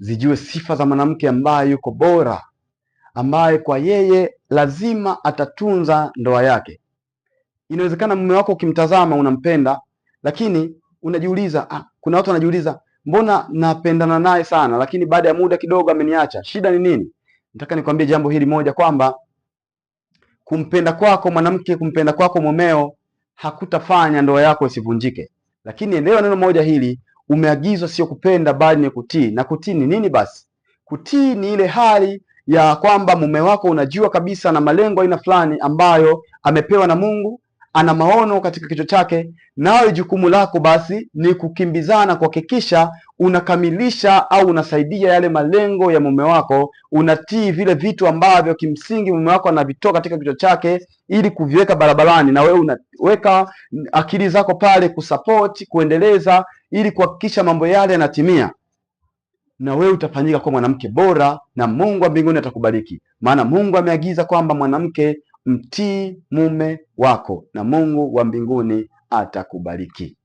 zijue sifa za mwanamke ambaye yuko bora, ambaye kwa yeye lazima atatunza ndoa yake. Inawezekana mume wako ukimtazama unampenda, lakini unajiuliza ah, kuna watu wanajiuliza mbona napendana naye sana, lakini baada ya muda kidogo ameniacha. Shida ni nini? Nataka nikwambie jambo hili moja, kwamba kumpenda kwako mwanamke, kumpenda kwako mumeo hakutafanya ndoa yako isivunjike. Lakini elewa neno moja hili, umeagizwa sio kupenda bali ni kutii. Na kutii ni nini basi? Kutii ni ile hali ya kwamba mume wako unajua kabisa na malengo aina fulani ambayo amepewa na Mungu, ana maono katika kichwa chake, nawe jukumu lako basi ni kukimbizana kuhakikisha unakamilisha au unasaidia yale malengo ya mume wako, unatii vile vitu ambavyo kimsingi mume wako anavitoa katika kichwa chake ili kuviweka barabarani, na wewe unaweka akili zako pale kusupport, kuendeleza ili kuhakikisha mambo yale yanatimia, na wewe utafanyika kwa mwanamke bora, na Mungu wa mbinguni atakubariki, maana Mungu ameagiza kwamba mwanamke, mtii mume wako, na Mungu wa mbinguni atakubariki.